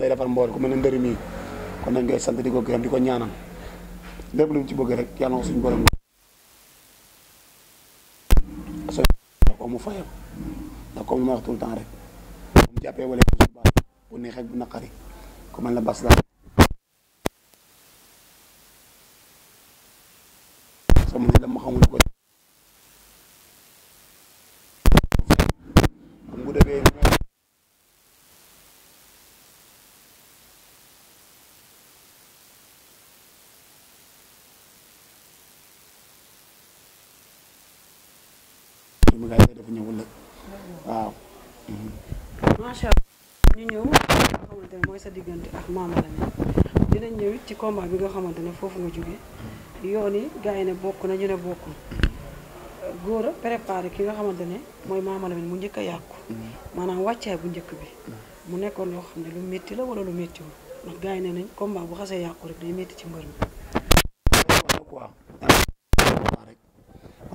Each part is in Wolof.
day defar mbool ku mel ne ndëri mii kon nañ koy sant di ko gërëm di ko ñaanal lépp lu ci bëgg rek yàlla na ko suñu borom ko mu fayal ndax comme li ma wax tout temps rek mu jàppee wala su baax bu bu naqari ku mel ne bas la sama ne dama xamul ko macha allah ñu ñëw nga xamante ne mooy sa diggante ak Mama Lamine dinañ ñëw ci combat bi nga xamante ne foofu nga jóge yoon yi gars yi ne bokk na ñu ne bokkul góor a préparé ki nga xamante ne mooy Mama Lamine mu njëkk a yàqu maanaam wàccaay bu njëkk bi mu nekkoon loo xam ne lu métti la wala lu méttiwul ndax gars yi ne nañ combat bu xasee yàqu rek day métti ci mbër mi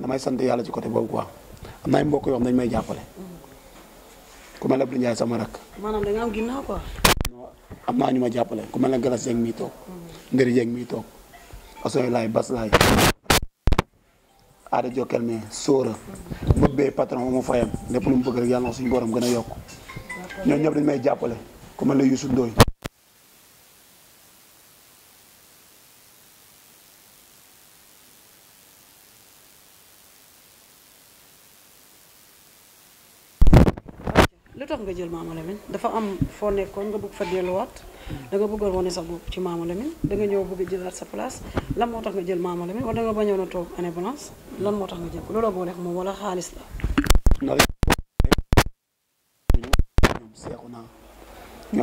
man damay sant yàlla ci côté boobu quoi am na mbokk yoo xam dañ may jàppale ku mel ne Abdou Ndiaye sama rakk. maanaam da nga am ginnaaw am naa ñu ma jàppale ku mel ne Galas Dieng mi toog. Nderi Dieng mii toog. Osoy laay Bas laay. Aada Jokkel mi Sóora. bëbbee patron moomu fayam lépp lu mu bëgg rek yàlla na suñu borom gën a yokk. ñooñu ñëpp dañ may jàppale ku mel ne Youssou Ndoye. lutax nga jël Maama Lamine dafa am fo nekkoon nga bëgg fa wat da nga bëggal woné sa bop ci Maama Lamine da nga ñëw bëgg jëlat sa place lan moo tax nga jël Maama Lamine wala nga bañoon na toog année blanche lan moo tax nga jël ko lolo bo lekk moom wala xaalis la. ndax ñoom seexu naa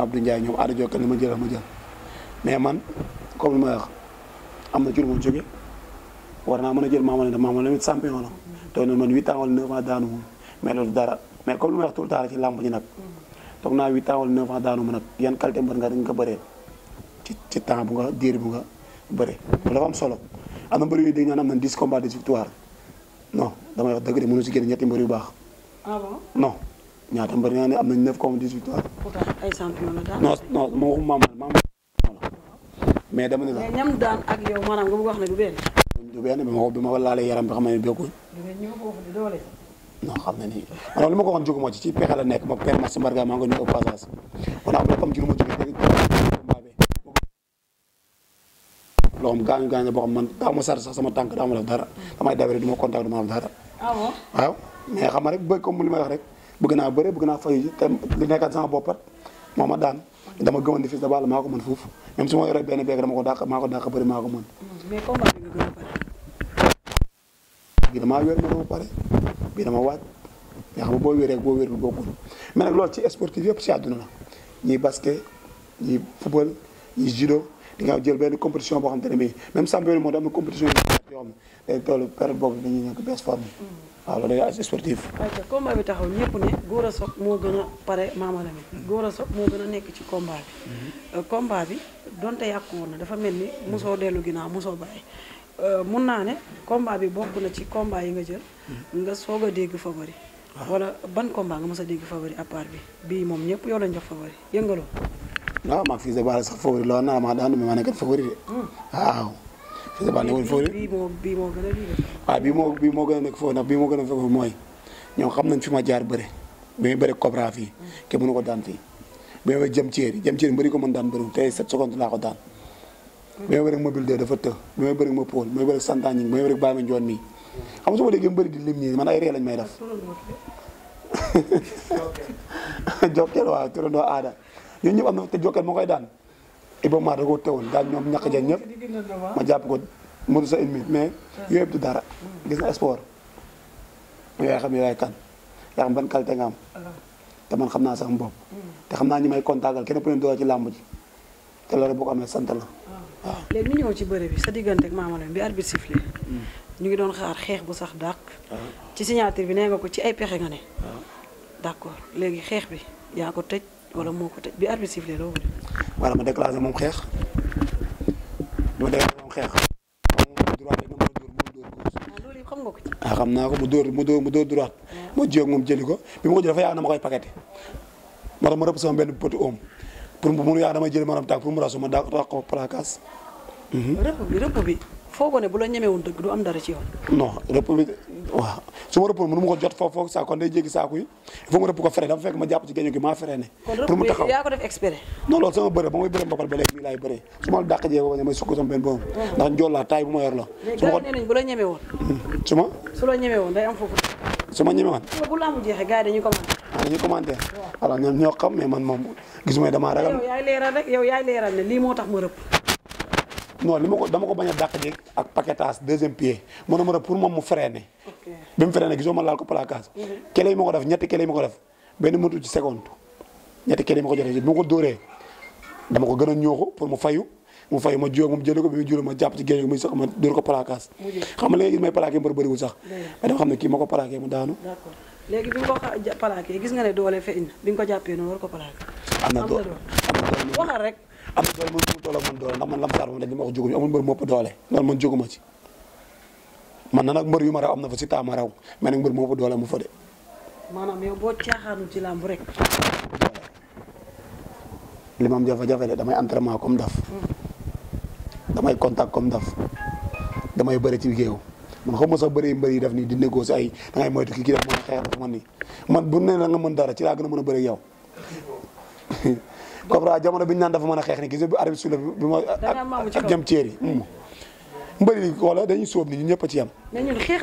Abdou ndjay ñoom ara jokk ni ma jël ma jël mais man comme ma wax amna na mo lu war jël Maama Lamine Maama Lamine champion la. doon na man 8 ans wala 9 ans daanu mais lolu dara. mais comme lu may wax tout le temps ci làmb ji nag toog naa huit ans wala neuf ans daanu ma nag bu nga diir bu nga am solo am na mbër yu dégg ñoo am na 10 combats de victoire non damay wax dëgg de mënu si génn ñetti mbër yu baax ah bon ñaata mbër ñoo ne am nañ 9 combats de victoire pourtant ay champion la daal non non moo waxum maam maam mais dama ne la mais ñam daan ak yow maanaam nga bëgg wax ne du benn bi ma ko bi ma laalee yaram bi xam ne bokkuñ non xam na ni maanaam li ma ko waxoon jógu ma ci ci pexe la nekk ma père Massi Mbarga maa ngi nuyu au passage wala am na ma jógee dégg combat bi loo xam gaañu gaañu boo xam man daaw ma sar sax sama tànk daaw ma def dara ma contact ah rek bëgg comme li bëgg naa bëre bëgg naa fayu te li nekkat moo ma daan dama gëmoon di fils de ko mën foofu même su ma yoree benn beeg dama ko dàq maa ko mën. mais a pare. damaa wér ma dama pare. bii dama waaj nga xam boo wéree boo wérul bokkul mais nag loolu ci sportif yëpp ci àdduna la ñuy basket ñuy football ñuy judo di jël benn compétition boo xam te ne bii même championnat moo am compétition yoo xam ne day boobu dañuy nekk best forme mm. waaw loolu day sportif. ayca combat bi taxaw ñëpp ne Gora Sock moo gën a pare Mama Lamine. Mm. Gora Sock moo gën a nekk ci combat bi. Mm-hmm. Euh, combat bi donte yàqu woon na dafa mel ni mosoo dellu ginnaaw mosoo bàyyi. Euh, mun naa ne combat bi bokk na ci combat yi nga jël mhm. nga soog a dégg favori ah. wala ban combat nga mës a dégg favori à bi bii moom ñëpp yow lañ jox favori yëngaloo waaw maag Fils de Balla sax favori la naa ma daan mais maa nekkat favori de hmm. waaw Fils de Balla nekkoon moo bii gën a lii waaw bii moo bii moo gën a nekk favori ndax bii moo gën a favori mooy ñoom xam nañ fi ma jaar bëre bi muy bëre Cobra fii hmm. kenn mënu ko daan fii bi muy jëm ceeri jëm ceeri ko mën daan bëriwul te sept secondes may bëri mobile de dafa të may bëri ma Paul may bëri santañi may bëri Baye Mandione mii xam nga su ma déggee mbëri di lim man ay ree lañ may def Jokal waaw turandoo aada ñun ñëpp am na te Jokal moo koy daan Iba Mar da koo teewoon daal ñoom ñàkk ja ñëpp ma jàpp ko mënu sa une minute mais yooyu yëpp du dara gis na sport yaa xam yaay kan yaa xam ban qualité nga te man xam naa sama bopp te xam naa ñi may contactal kenn ku ne doole ci làmb te loolu boo ko amee sant la waaw léegi ñu ñëw ci bëre bi sa diggante ak Mama Lamine bi arbitre sifflé ñu ngi doon xaar xeex bu sax dàq. ci signature bi nee nga ko ci ay pexe nga ne. waaw d'accord léegi xeex bi yaa ko tëj wala moo ko tëj bi arbitre sifflé loolu. voilà ma déclaré moom xeex ma déclaré moom xeex. Ah, xam nga ko ci. ah xam naa ko mu dóor mu dóor mu dóor droite. Ah. moom jëli ko bi ma ko jëlee dafa yaa na ma koy paqueté. ma doon ma rëpp sama benn petit oom. pour mu mun yaa damay jël maanaam tànk pour mu rasu ma daa daa ko placage. rëpp bi rëpp bi foo ko ne bu la ñemewoon dëgg du am dara ci yow. non rëpp bi waaw su ma rëppoon mënu ma ko jot foofu foofu saako kon day jéggi saako yi il faut ma rëpp ko fere dama fekk ma jàpp su ma ñemewoon. day am foofu. su ma ñemewoon. dañuy commentaire voilà ñoom ñoo xam mais man moom gisuma damaa ragal. yow lii moo tax ma rëpp. non li ma ko dama ko bañ a dàq jéeg ak paquetage deuxième pied ma ne ma rëpp pour moom mu freiné. ne bi mu freiné gisoo ma laal ko placage. Mhm. kele yi ma def ñetti kele yi ma ko def benn motu ci seconde ñetti kele yi moo ko joxee bi ma ko dóoree dama ko gën a ñoo ko pour mu fayu. mu fay ma jiw moom jëlee ko bi mu ma jàpp ci géej gi muy sax ma dóor ko plaquage. xam nga li gis may plaqué mbër bëriwul sax. mais dama kii ma ko plaqué mu daanu. léegi bi nga ko gis nga ne doole feeñ na ko jàppee noonu war ko plaqué. am na doole rek. am na doole moom fu mu toll ak man doole ndax man lamsaar moom rek li ma wax jóguñu amul na nag mbër yu ma am na fa si taa ma raw mais nag mbër mopp doole mu fa de. maanaam yow boo ci làmb rek. li jafe-jafe de damay entraînement comme daf. Hmm. damay contact comme daf. damay bëri ci géew. man xaw ma sax bëri mbër yi def nii di négocier ay da ngay moytu a xeex dafa man nii man bu ne la nga mën dara ci laa na a mën a bëri yow cobra jamono bi naan dafa mën a xeex ni gis bi arbitre suuf bi ma ak jëm mm. ceer yi mbëri yi wala dañuy sóob ni ñu ñëpp a ci yem mais ñun xeex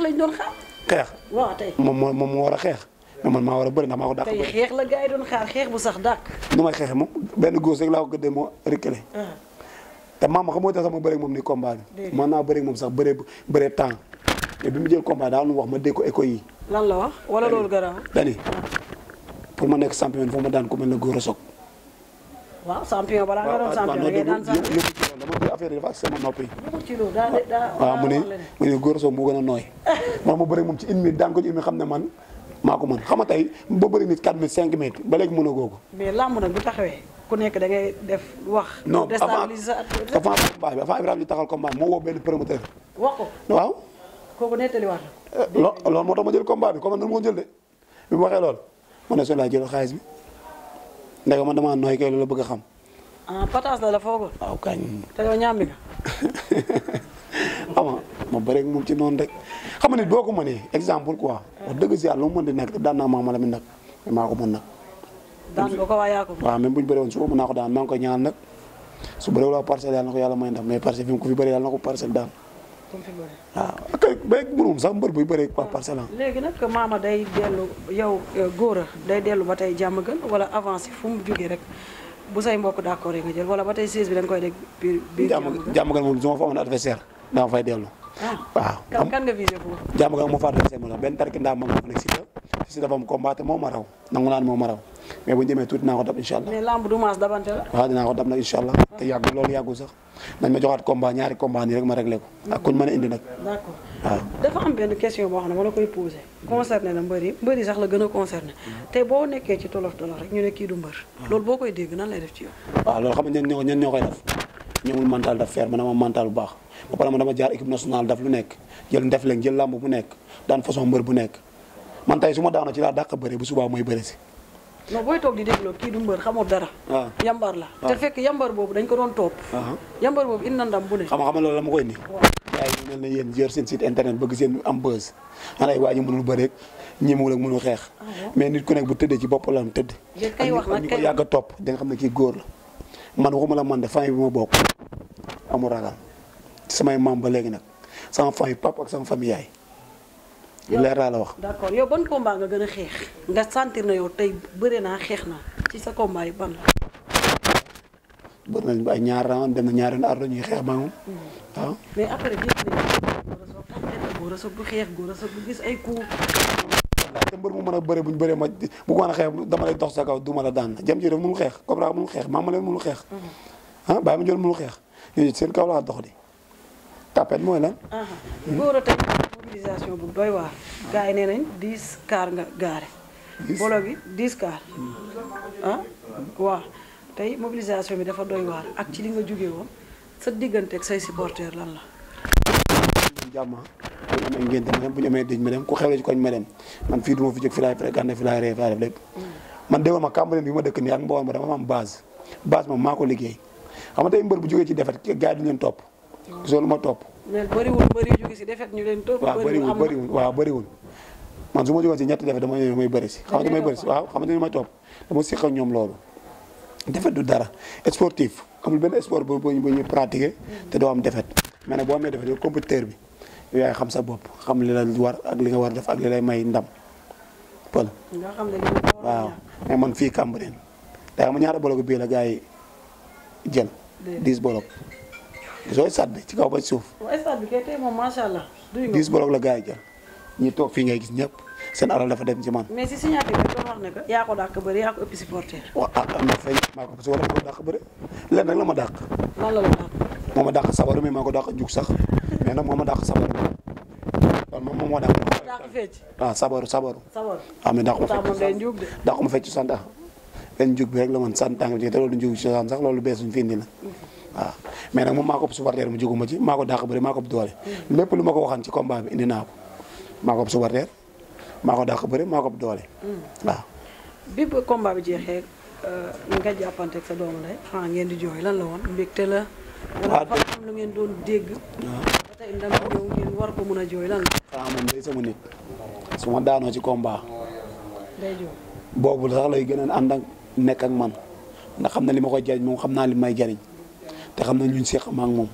moom moo moom moo war a xeex mais man maa war a bëri ndax maa ko dàq tey xeex la gars yi doon xeex bu sax dàq nu moom benn góos rek laa ko ah. te maam moo tax sama bëri moom ni naa bëri moom sax bëri bëri temps mais bi mu jël combat daa nu wax ma dégg ko écho yi. lan la wax wala loolu garaaw. dani pour ma nekk champion foo ma daan ku mel ne Gora Sock. waaw champion balaa nga doon champion ngay daan champion affaire yi dafa ak sama noppi. mu ne mu ne Gora Sock a nooy. man ma bëri moom ci une minute daan ko xam ne man maa ko mën xam tey ba bëri nit 4 minutes 5 minutes ba léegi mën a googu. mais làmb nag bu taxawee. ku nekk da ngay def wax. non avant avant combat bi avant Ibrahima di taxal combat moo woo benn promoteur. wax ko waaw. kooku nettaliwaat la ko. Eh, loolu moo tax jël bi comme man ko jël de bi mu ma ne soo laa jël xaalis bi ndeke man damaa nooy kay loolu bëgg a xam. ah pataas la la foogoo. waaw kañ. te ama ma bëreeg moom ci noonu rek xam nga ni doo ko mënee exemple quoi wax nekk daan naa la mi waa yaa ko. waaw même bu ñu naa ko daan maa ngi koy nag su bëree wala parcelle yàlla na ko yàlla may ndam mais parcelle fi mu fi bëree yàlla na ko parcelle daan. waaw ah, kay bay mënul sax mbër buy bëree waa ah. parcelle ah. léegi nag maama day dellu yow euh, góor a day dellu ba tey jàmm gën wala avancé fu mu jógee rek bu say mbokk d'accord yi nga jël wala ba tey siis bi dañ koy deg biir jàmm gën moom su ma fa amoon adversaire dama fay dellu waaw kan nga visé foofu jàmm gën moo fa adversaire mo la benn tarki ndaa ma nga nekk si si dafa am combat te ma raw nangu naa ne ma raw mais bu ñu demee tuuti naa ko allah. te yàggu loolu yàggu sax nañ ma joxaat combat ñaari combat nii rek ma réglé ko ak kuñ a indi nag. d'accord waaw. dafa am xam ma la koy posé. concerné na daf feer man dama mental bu baax ba pare ma dama jaar équipe nationale daf lu nekk jël ndef leen jël lamb bu nekk daan façon mbër bu nekk man tey su ma daanoo ci laa dàq bëri bu subaa mooy bëri si non booy toog di dégloo kii du mbër xamoo dara waaw ah. yambar la ah. te fekk yambar boobu dañ ko doon topp ah. yambar boobu indi na ndam bu ne xam xam loolu la ma koy indi gars yi mel na yéen jër seen site internet bëgg seen am mais nit ku nekk bu tëddee ci bopp la am tëdd kay da nga xam ne kii góor la man waxuma la man de famille bi ma bokk amul ragal samay maam ba léegi nag sama famille pap ak sama famille yaay li leer naa la wax. d' accord yow ban combat nga gën a xeex nga sentir na yow tey bëre naa xeex naa ci sa combat yi ban la. ay ñaar round dem na ñaari xeex ba hmm. ah. mais après a soog du xeex góor a soog ay coups. te mbër mu mën a bëre bu ñu bëree ma bu ko mën a xeex dama lay dox sa kaw du ma la daan jëm ci rek mënul xeex Cobra mënul xeex Mama Lamine mënul xeex. Hmm. ah Baye Mandione mënul xeex yooyu seen kaw laa dox di tapet mooy lan. Ah, mobilisation bu doy waar. gars yi nee nañ dix car nga gaare. bolo bi dix car. ah waaw tey mobilisation bi dafa doy waar ak ci li nga jóge woon sa diggante ak say supporters lan la. jàmm bu ñu dem bu ñu amee dëj ma dem ku xewle ci koñ ma dem man fi jóg fi laay man déggoo ma Cambérène bi ma dëkk nii ak mbooloo ma dama am base base moom maa ko liggéey xam nga tey mbër bu jógee ci defet gars yi du leen topp. gisoo lu ma topp. mais bëriwul bëri yu jóge si défaite ñu leen topp. waaw bëriwul bëriwul waaw bëriwul man su ma jógoon si ñetti défaite dama ñëw may bëri si. xam nga damay bëri si waaw xam nga damay topp dama siq ak ñoom loolu. défaite du dara sportif amul benn sport boo boo ñuy pratiquer te doo am défaite mais nag boo amee défaite yow compétiteur bi yow yaay xam sa bopp xam li la war ak li nga war def ak li lay may ndam pël. nga xam ne waaw mais man fii Cambérène daa ma ñaata bolok bii la gars yi jël. 10 bolok. gisoo stade ci kaw ba suuf. waaw stade bi kay tey moom macha allah. dix bolok la gars jël ñi tok fi ngay gis ñëpp seen alal dafa dem ci man. mais si signat bi doon wax ne ko ya ko dak beure ya ko ëpp supporter. wa ah am na feeñ maa ko wala ko dak beure len rek la ma dàq. lan la dak moma dak sabar mi mako dak juk sax mais nag moma dak sabar mi waaw moom dak dak dàq fecc waaw ah, sabar sabar sabaru waaw ah, mais dàq ma fecc sant dak ko fecc sant ah. benn jug bi rek la man sant tàng te lolou juk si sant sax lolou beesuñ fi indi la. waaw mais nag moom maa ko ëpp supporter mu juguma ci maa ko dàq bëri maa ko ëpp doole lépp lu ma ko waxan ci combat bi indi naa ko maa ko ëpp supporter maa dàq bëri maa ko ëpp doole hmm. waaw bi bi jeexee euh, jàppante sa doomu lay ngeen di jooy lan la woon mbégte la ah, waaw dafa ngeen doon dégg ah. ba tey ndam a jooy lan la sama nit su ma daanoo ci combat day boobu sax lay gën a ànd ak nekk ak man ndax xam na li ma koy jariñ moom xam naa li may jariñ xam na ñun seq ma ak moom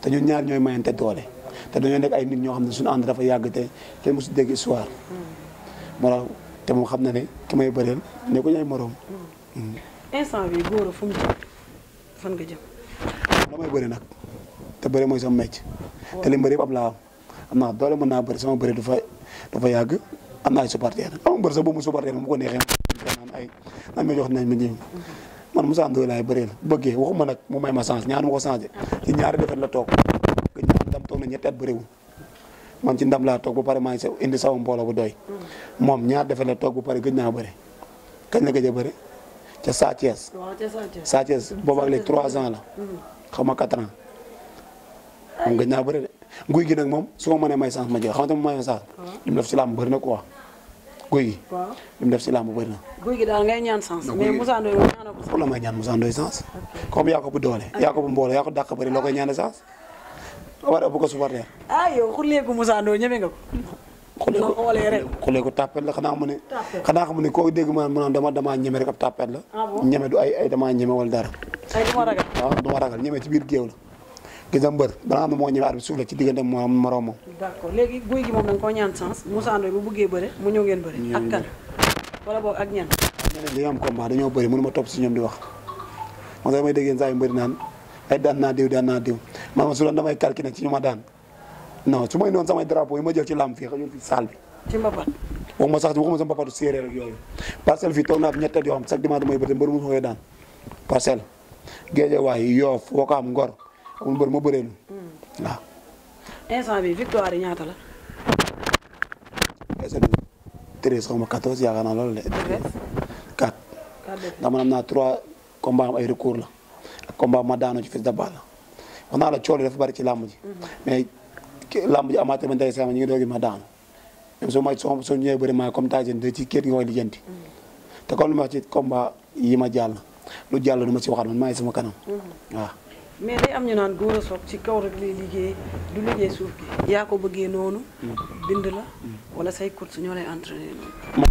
te ñun ñaar ñooy mayante doole te dañoo nekk ay nit ñoo xam ne suñu ànd dafa yàgg te kenn mosu dégg histoire na ne ki may bëreel ne ko ñaay moroom. instant bi góor fu mu jëm fan nga jëm. damay bëri nag te bëri mooy sama mecc te li mu bëri yëpp am laa am naa doole mën naa bëri sama bëri dafa dafa yàgg am na ay supporter am bëri sax boobu mu supporter bu ko neexee naan ay naan ma jox nañ ma ñëw man Moussa Ndoye laay bëree la bëggee waxuma nag mu may ma changé ñaanu ma ko changé ci ñaari defet la toog gëj naa ndam toog na ñetti at bëriwul laa toog ba ma maa ngi indi sama mbooloo bu doy moom ñaar defet la toog ba pare gëj naa bëri kañ la gëj a bëri ca Sa Thiès Sa Thiès boobaag léegi 3 ans la mm-hmm. xaw ma 4 ans moom gëj naa bëri de guy gi nag moom su ma mënee may changé ma jël xam nga tamit may changé ah. mu def ci làmb bëri na quoi guy gi. waaw li mu def si làmb bëri na. guy gi daal ngay ñaan sens. mais Moussa Ndoye ñaanal ko sens. pour la may ñaan Moussa Ndoye sens. comme yaa ko bu doole. yaa ko bu mbooloo yaa ko dàq bëri loo koy ñaanal sens. war a bu ko supporter. ah yow xuleeku Moussa Ndoye ñeme nga ko. xuleeku xuleeku tàppet la xanaa mu ne. tàppet xanaa xam ne koo dégg ma mu naan dama damaa ñeme rek ab tàppet la. Ah ñeme du ay ay damaa ñeme wala dara. ay du ma ragal waaw ah, gisa mbër bala nga xam ne moo suuf la ci digënde mo am moroomam. d'accord légui guuy gi mom nañ ko ñaan sans Moussa Ndoy bu bëggee bëré mu ñëw ngeen bëré ak kan wala bok ak ñan. ñeneen dañoo am combat dañu bëré mënuma top ci ñom di wax mo tax may dégg yéen saa mbëri naan ay daan na diiw daan na diiw ma ma doon damay kalki nak ci ñuma daan non su may non samay drapeau yi ma jël ci lam fi xajul fi sal bi. ci mbapat. ma sax ma sama mbapatu séeréer ak yooyu parcelle fii toog naa fi ñetti at yoo xam chaque dimanche damay bëré mbër mu daan parcel parcelle géejewaay yoof wakaam ngor amul mbër ma bëree na hmm. waaw. instant bi victoire yi ñaata la. instant bi treize xaw ma quatorze yaakaar naa loolu ndax man naa trois combats ay recours la ak combat ma daanoo ci fils de Balla wax naa la coono dafa bari ci làmb ji. Hmm. mais làmb ji amaat tamit ma daanu. même su ma soo soo ñëwee bëri maa comme taajeen de hmm. ma wax ci combat yi ma jàll lu jàll lu ma si waxaat man maa ngi sama kanam mais day am ñu naan góor a soog ci kaw rek lay liggéey du liggéey suuf gi yaa ko bëggee noonu. bind la wala say course ñoo lay entraîné noonu.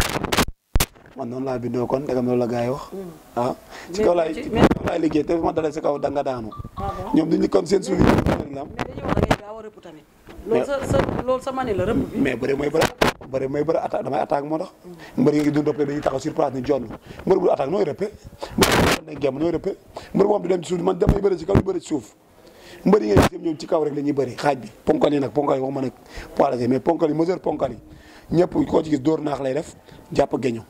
man noonu laa bindoo kon ndegam loolu la gaa yi wax. Hmm. ah ci kaw laay ci kaw laay liggéey te ma dalee sa kaw danga daanu. Ah ñoom duñu kon seen suuf yi. mais dañoo war a ngay gaaw a rëpp tamit. loolu sa sa loolu sa mani la rëpp bi. mais bëre mooy bëre. bëri may bëri attaque damay attaque moo tax yi dund rëppe dañuy taxaw sur place ni jonn mbër bu attaque nooy rëppe mbër gem nooy rëppe mbër dem suuf man damay bëri ci kaw suuf mbër yi ngeen jëm ci kaw rek la ñuy bëri xaaj bi ponkal yi nag ponkal yi waxuma nag poids mais ponkal yi mesure ponkal yi koo ci gis lay def jàpp géño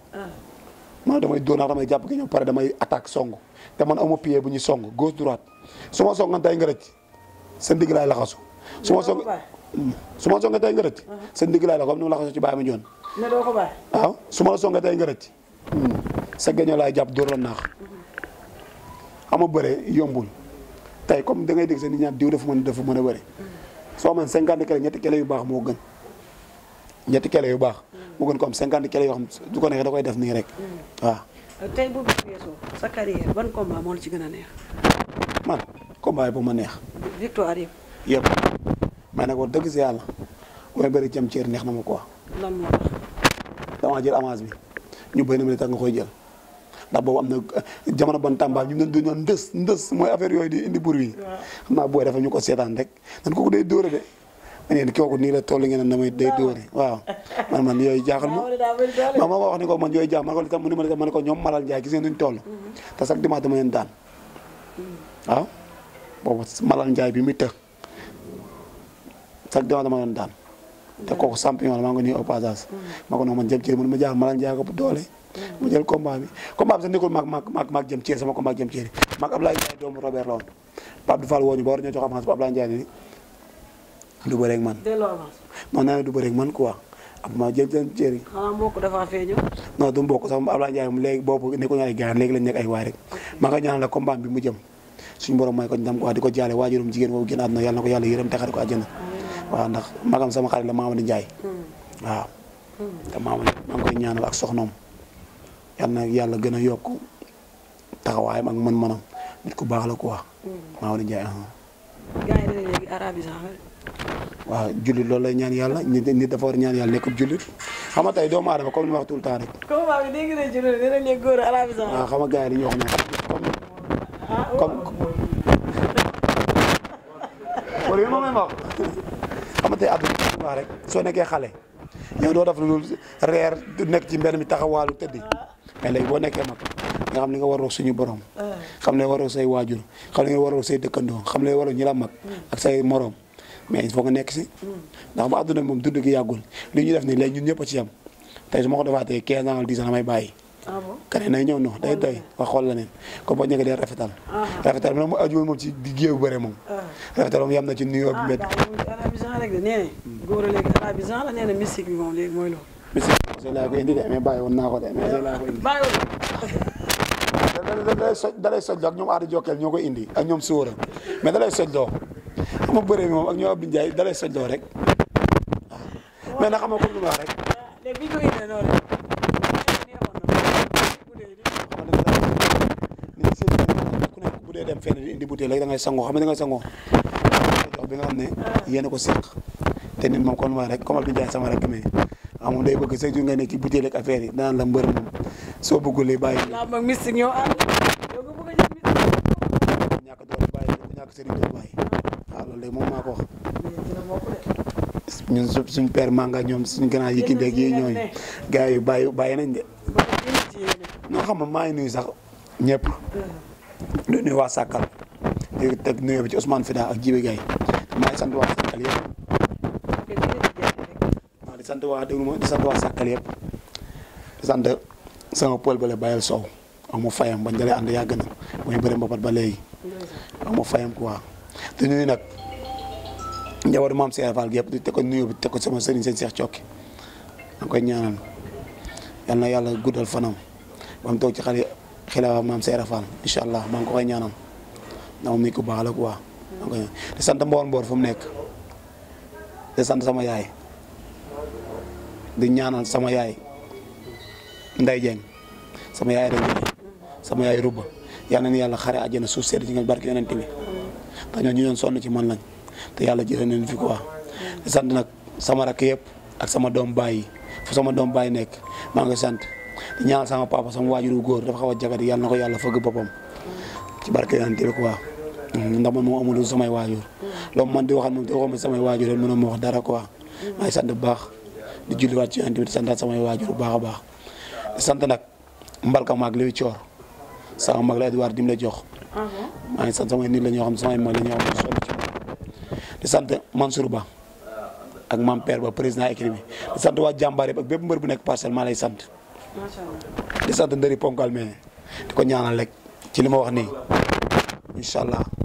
man ah. damay dóor naax jàpp géño pare damay attaque song te man amu pied bu ñuy song gauche droite su ma songantay nga rëcc sa ndigg laay laxasu su ma song suma songa tay nga sen digg la la ko ni la ko ci baami ma joon ne do ko bàyyi waaw suma songa tay nga hmm. sa gaño la japp dur la nax xama mhm. bëre yombul tay comme da ngay dégg sen ñaan diw dafa mëna dafa mëna a so man 50 kilo ñetti kilo yu baax mo gën ñetti kilo yu baax mhm. mo gën comme 50 kilo yo xam du ko neexee da koy def ni rek mhm. waaw euh, tay bu bi yeso sa carrière ban combat mo la ci gëna neex man combat bu ma neex victoire yeb mais nag wax dëgg si yàlla ku ceer neex na ma quoi. lan moo tax. damaa jël avance bi ñu bëri na ma ne tax nga koy jël ndax boobu am na eh, jamono ban tàmbaab ñu doon doon ndës ndës mooy affaire yooyu di indi bruit yi. xam naa booy dafa ñu ko seetaan rek nan kooku day dóore de. ma ne kooku nii la toll ngeen ne damay day dóore waaw man man yooyu jaaxal ma ma ma wax ni ko man yooyu jaaxal ma ne ko ma ne ko ñoom Malal Ndiaye gis ngeen duñ toll. Mm-hmm. te chaque dimanche dama leen daan waaw mm-hmm. ah. Malal Ndiaye bi muy tëx chaque fois a doon daan. te kooku champion la maa ngi ko nuyu au ma ko noo man jël kii mu ma jaar ma jaay ko doole. mu jël combat bi combat bi sax nekkul maag maag maag jëm ceeri sama combat jëm ma jël jëm ceeri. ah mbokk dafa feeñoo. non du mbokk sax Ablaye Ndiaye moom léegi boobu nekkul ñaari gars léegi lañ nekk ay waay rek maa ngi ñaanal la combat bi mu jëm suñu borom may ko ndam quoi ko jaale waajurum jigéen boobu génn àdduna yàlla na ko yàlla yërëm taxari ko àjjana waaw ndax magam sama xarit la Mamadou Ndiaye. waaw te Mamadou maa ngi koy ñaanal ak soxnaam yal na yàlla gën a yokk taxawaayam ak mën-mënam nit ku baax la quoi. Mamadou Ndiaye. Uh-huh. gars yi dañuy léegi arabe yi sax. waaw jullit loolu lay ñaan yàlla nit nit dafa war ñaan yàlla nekkul jullit xam nga tey doomu aadama comme ni ma wax tout le temps rek. comme maa ngi dégg na jullit dina ne góor arabe yi sax. waaw xam nga gars yi dañuy wax noonu. comme comme. Ah, wala yéen moom la ñu wax. xamante ne àdduna wax rek soo nekkee xale yow doo def lu dul reer nekk ci mbedd mi taxawaalu tëddi mais léegi boo nekkee mag nga xam li nga waroo suñu borom xam ne waroo say waajur xam ne nga waroo say dëkkandoo xam ne waroo ñi la mag ak say morom mais il faut nga nekk si ndax bu àdduna moom dund gi yàggul li ñu def nii léegi ñun ñëpp a ci yam tey su ma ko defaatee 15 ans Ah kane nay ñëw non day doy wax xool la neen comme boo ñëwee day rafetal ah. rafetal bi nag mu moom ci géew bu bëre moom ah. rafetal moom yam na ci nuyoo bi mbedd arabisant rek de nee hmm. a léegi arabisant la nee na mystique bi moom léegi mooy loolu mystique bi laa ko indi de naa ko de indi dalay soj dalay ak ñoom aada jokkeel ñoo koy indi ak ñoom suura mais dalay sojloo xam nga bëre bi moom ak ñoom Abdou Ndiaye dalay sojloo rek na xam nga comme lu rek dee dem fenn di indi butéel rek da ngay xam ne da ngay bi nga xam ne yéen ko seq te nit moom kon ma rek comme Abdou Ndiaye sama rek mais xam moom day bëgg chaque jour nga nekk ci butéel ak affaire yi danaan la mbër moom soo bëggulee bàyyi làmb ak mystique ñoo ah. ànd ñàkk doon bàyyi ñàkk sëriñ doon bàyyi waaw loolu de yi ki ndeg yi ñooñu gars yi bàyyi bàyyi nañ de non xam nga maa ngi sax ñëpp uh-huh. du nuyu waa Sakal di teg nuyoo bi ci Ousmane Fida ak Jibi Gaye maa ngi sant waa Sakal yëpp. di sant waa déglu ma di sant sant sama pël ba la Bayel Sow aw ma fayam bañ dalee ànd yàgg na muy bëri mbapat ba léegi aw ma fayam quoi te nuyu nag njabootu maam Serigne Fall gi yëpp di teg ko nuyoo bi teg ko sama sëriñ seen Seex Cokki da koy ñaanal yal na yàlla guddal fanam ba mu ci xale xilaafa maam Seera Fall incha allah maa ngi ko koy ñaanal na moom nit ku baax la quoi. di sant Mboor Mboor fu mu nekk di sant sama yaay di ñaanal sama yaay Ndeye Dieng sama yaay Rémy sama yaay Ruba yal nañu yàlla xare àjjana suuf sedd ci nga barki yonent bi ñoo ñu doon ci man lañ te yàlla jëlee nañu fi quoi di sant nag sama rakk yëpp ak sama doom baay fu sama doom baay nekk maa ngi sant. di ñaan sama papa sama waajuru góor dafa xaw a jagadi yàlla na ko yàlla fëgg boppam ci barke yonent bi quoi mm, ndax man moom amul samay waajur loolu man di waxal moom te waxuma samay waajur rek mënoo wax dara quoi maay sant bu baax di julliwaat ci yonent bi di santaat samay waajur bu baax a baax di sant nag mbalka maag liy coor sama mag la Edouard dim la jox uh-huh. maa ngi sant samay nit la ñoo xam samay mag la ñoo xam sonn ci di sant Mansour Ba ak maam père ba président écrit bi di sant waa jàmbaar yëpp ak bépp mbër bu nekk parcelle maa lay sant di sant ndëri ponkal mais di ko ñaanal rek ci li ma wax nii incha allah